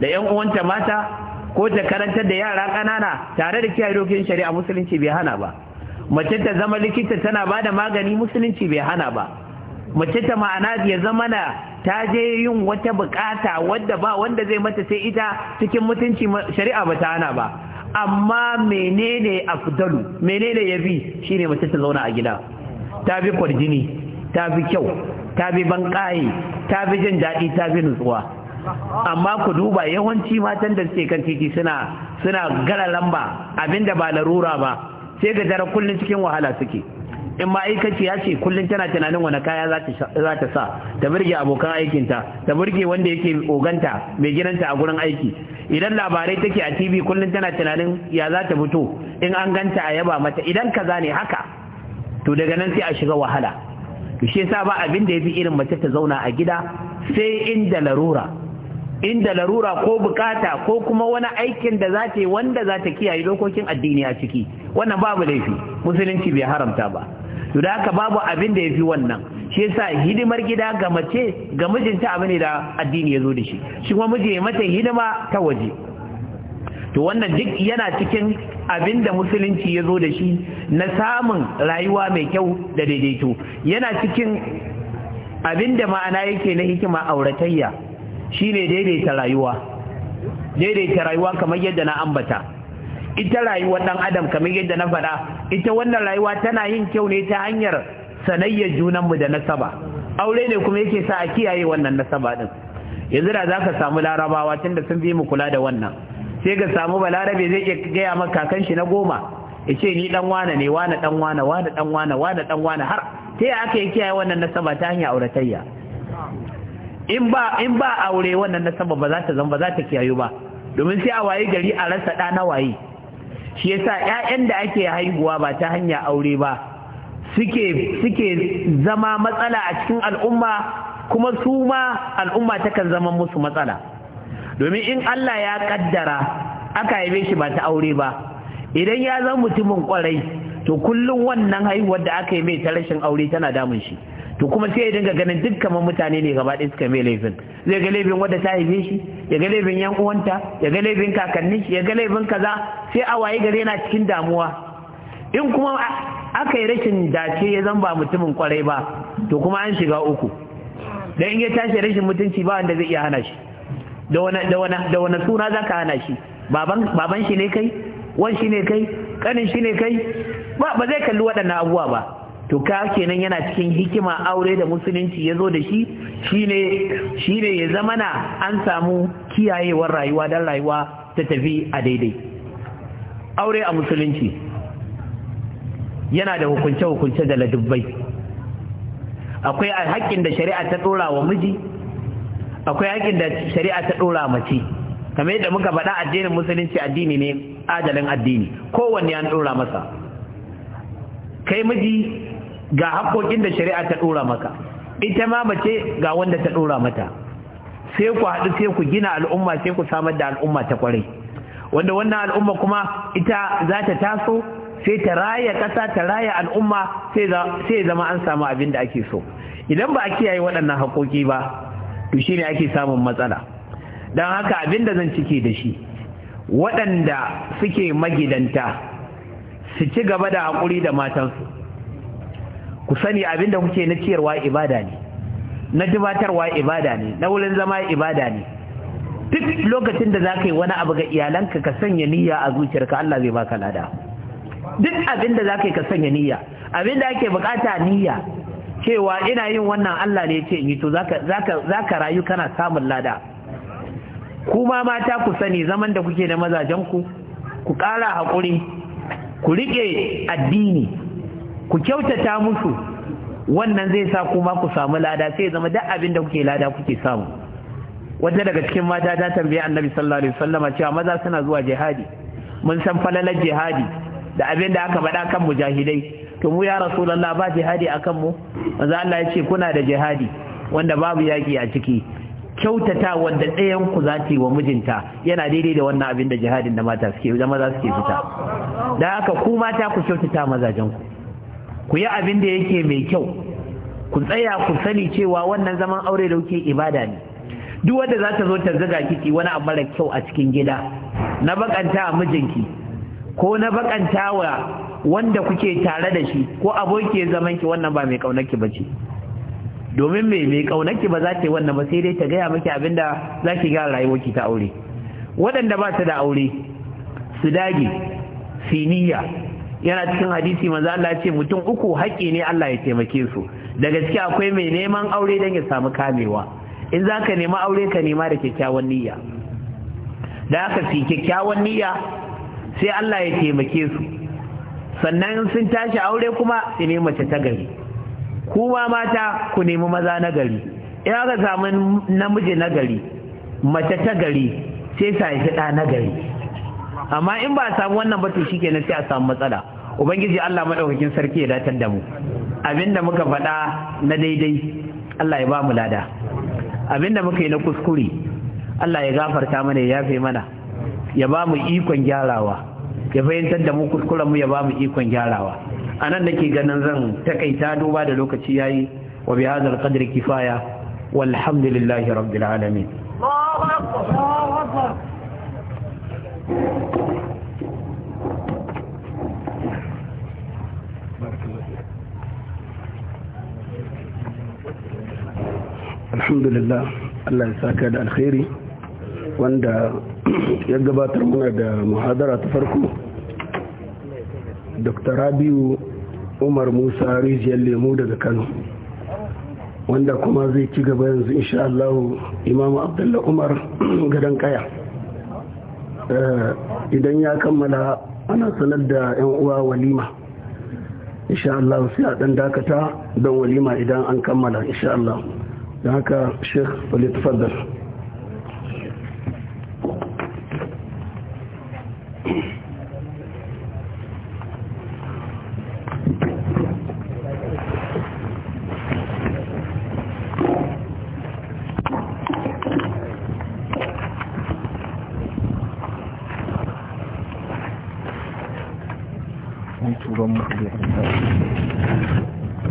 da yan uwanta mata ko ta karantar da yara ƙanana tare da kiyaye dokokin shari'a musulunci bai hana ba mace ta zama likita tana bada magani musulunci bai hana ba mace ta ma'ana ya zama na ta je yin wata bukata wadda ba wanda zai mata sai ita cikin mutunci shari'a ba ta hana ba amma menene afdalu menene yafi shine mace ta zauna a gida ta bi kwarjini ta bi kyau ta bi banƙaye ta bi jin daɗi ta bi nutsuwa amma ku duba yawanci matan da suke kan titi suna suna gara lamba abinda ba larura ba sai ga dare kullum cikin wahala suke in ya ce kullum tana tunanin wani kaya za ta sa ta burge abokan aikinta ta burge wanda yake oganta mai gidanta a gurin aiki idan labarai take a tv kullum tana tunanin ya za ta fito in an ganta a yaba mata idan kaza ne haka to daga nan sai a shiga wahala to shi yasa ba abin da yafi irin mace ta zauna a gida sai inda larura inda larura ko bukata ko kuma wani aikin da za ta yi wanda za ta kiyaye dokokin addini a ciki wannan babu laifi musulunci bai haramta ba to da haka babu abin da yafi wannan shi yasa hidimar gida ga mace ga mijinta abu da addini ya zo da shi shi kuma miji ya mata hidima ta waje to wannan duk yana cikin abin da musulunci ya zo da shi na samun rayuwa mai kyau da daidaito yana cikin abin da ma'ana yake na hikima auratayya shine daidaita rayuwa daidaita rayuwa kamar yadda na ambata ita rayuwar ɗan adam kamar yadda na faɗa ita wannan rayuwa tana yin kyau ne ta hanyar sanayyar junanmu da nasaba aure ne kuma yake sa a kiyaye wannan nasaba din yanzu da za ka samu larabawa tunda sun bi mu kula da wannan sai ka samu balarabe zai iya gaya maka kakan shi na goma ya ce ni dan wane ne wane dan wane wane dan wane wane dan wane har sai aka yi kiyaye wannan nasaba ta hanyar auratayya in ba in ba aure wannan nasaba ba za ta zama ba za ta kiyayu ba domin sai a waye gari a rasa ɗa na waye shi yasa ƴaƴan da ake haihuwa ba ta hanya aure ba suke suke zama matsala a cikin al'umma kuma su ma al'umma takan zama musu matsala domin in Allah ya kaddara aka haife shi ba ta aure ba idan ya zama mutumin kwarai to kullum wannan haihuwar da aka yi mai ta rashin aure tana damun shi to kuma sai ya dinga ganin dukkan mutane ne gaba ɗaya suka mai laifin zai ga laifin wanda ta haife shi ya ga laifin yan uwanta ya ga laifin kakannin shi ya ga laifin kaza sai a waye gare yana cikin damuwa in kuma aka yi rashin dace ya zan ba mutumin kwarai ba to kuma an shiga uku dan in ya tashi rashin mutunci ba wanda zai iya hana shi da wani suna za ka hana shi baban shi ne kai wan shi ne kai kanin shi ne kai ba ba zai kalli waɗannan abubuwa ba to ka kenan yana cikin hikima aure da musulunci ya zo da shi shi ne ya zama na an samu kiyayewar rayuwa don rayuwa ta tafi a daidai aure a musulunci yana da hukunce-hukunce da ladubbai akwai haƙƙin da shari'a ta ɗora wa miji akwai haƙƙin da shari'a ta ɗora mace kamar yadda muka faɗa addinin musulunci addini ne adalin addini kowanne an ɗora masa kai miji ga haƙoƙin da shari'a ta ɗora maka ita ma mace ga wanda ta ɗora mata sai ku haɗu sai ku gina al'umma sai ku samar da al'umma ta ƙwarai wanda wannan al'umma kuma ita za ta taso sai ta raya ƙasa ta raya al'umma sai zama an samu abin da ake so idan ba a kiyaye waɗannan haƙoƙi ba to shine ake samun matsala don haka abin da zan cike da shi waɗanda suke magidanta su ci gaba da haƙuri da matansu ku sani abin da kuke na ciyarwa ibada ne na jibatarwa ibada ne na wurin zama ibada ne duk lokacin da za ka yi wani abu ga iyalanka ka sanya niyya a zuciyarka Allah zai baka lada duk abin da za ka yi ka sanya niyya abin da ake bukata niyya cewa ina yin wannan Allah ne ya ce in yi to za ka rayu kana samun lada kuma mata ku sani zaman da kuke da mazajen ku ku ƙara haƙuri ku riƙe addini ku kyautata musu wannan zai sa kuma ku samu lada sai zama duk abin da kuke lada kuke samu wata daga cikin mata ta tambaye annabi sallallahu alaihi wasallam cewa maza suna zuwa jihadi mun san falalar jihadi da abin da aka faɗa kan mujahidai to mu ya rasulullah ba jihadi akan mu manzo Allah ya ce kuna da jihadi wanda babu yaki a ciki kyautata wanda ɗayan ku za ta yi wa mijinta yana daidai da wannan abin da jihadin da mata suke da maza suke fita da haka ku mata ku kyautata mazajen ku ku yi abin da yake mai kyau ku tsaya ku sani cewa wannan zaman aure da kuke ibada ne duk wanda za ta zo ta zuga kiki wani abu mara kyau a cikin gida na bakanta a mijinki ko na bakanta wa wanda kuke tare da shi ko abokin zamanki wannan ba mai kaunar ki bace domin mai mai kaunarki ba za ta yi wannan ba sai dai ta gaya maki abinda za ki gyara rayuwarki ta aure waɗanda ba su da aure su dage siniya yana cikin hadisi manzo Allah ya ce mutum uku haƙƙi ne Allah ya taimake su da gaske akwai mai neman aure don ya samu kamewa in za ka nema aure ka nema da kyakkyawan niyya da aka fi kyakkyawan niyya sai Allah ya taimake su sannan sun tashi aure kuma sai ne mace ta gari kuma mata ku nemi maza na gari in aka samu namiji na gari mace ta gari sai sa shi ɗa na gari amma in ba a samu wannan ba to na sai a samu matsala ubangiji Allah maɗaukakin sarki ya datar da mu abinda muka faɗa na daidai Allah ya ba mu lada abinda muka yi na kuskure Allah ya gafarta mana ya yafe mana ya ba mu ikon gyarawa ya fahimtar da mu kuskuren mu ya ba mu ikon gyarawa anan nake ganin zan takaita duba da lokaci yayi wa bi hadzal qadri kifaya walhamdulillahi rabbil alamin alhamdulillah Allah ya saka da alkhairi wanda ya gabatar muna da muhadara ta farko dr rabiu umar musa rijiyar lemu daga kano wanda kuma zai ci gaba yanzu insha Allah imamu abdullah umar gadon kaya eh, idan ya kammala ana sanar da 'yan uwa walima insha Allah sai a dan dakata don walima idan an kammala insha Allah don haka sheikh falitfaddar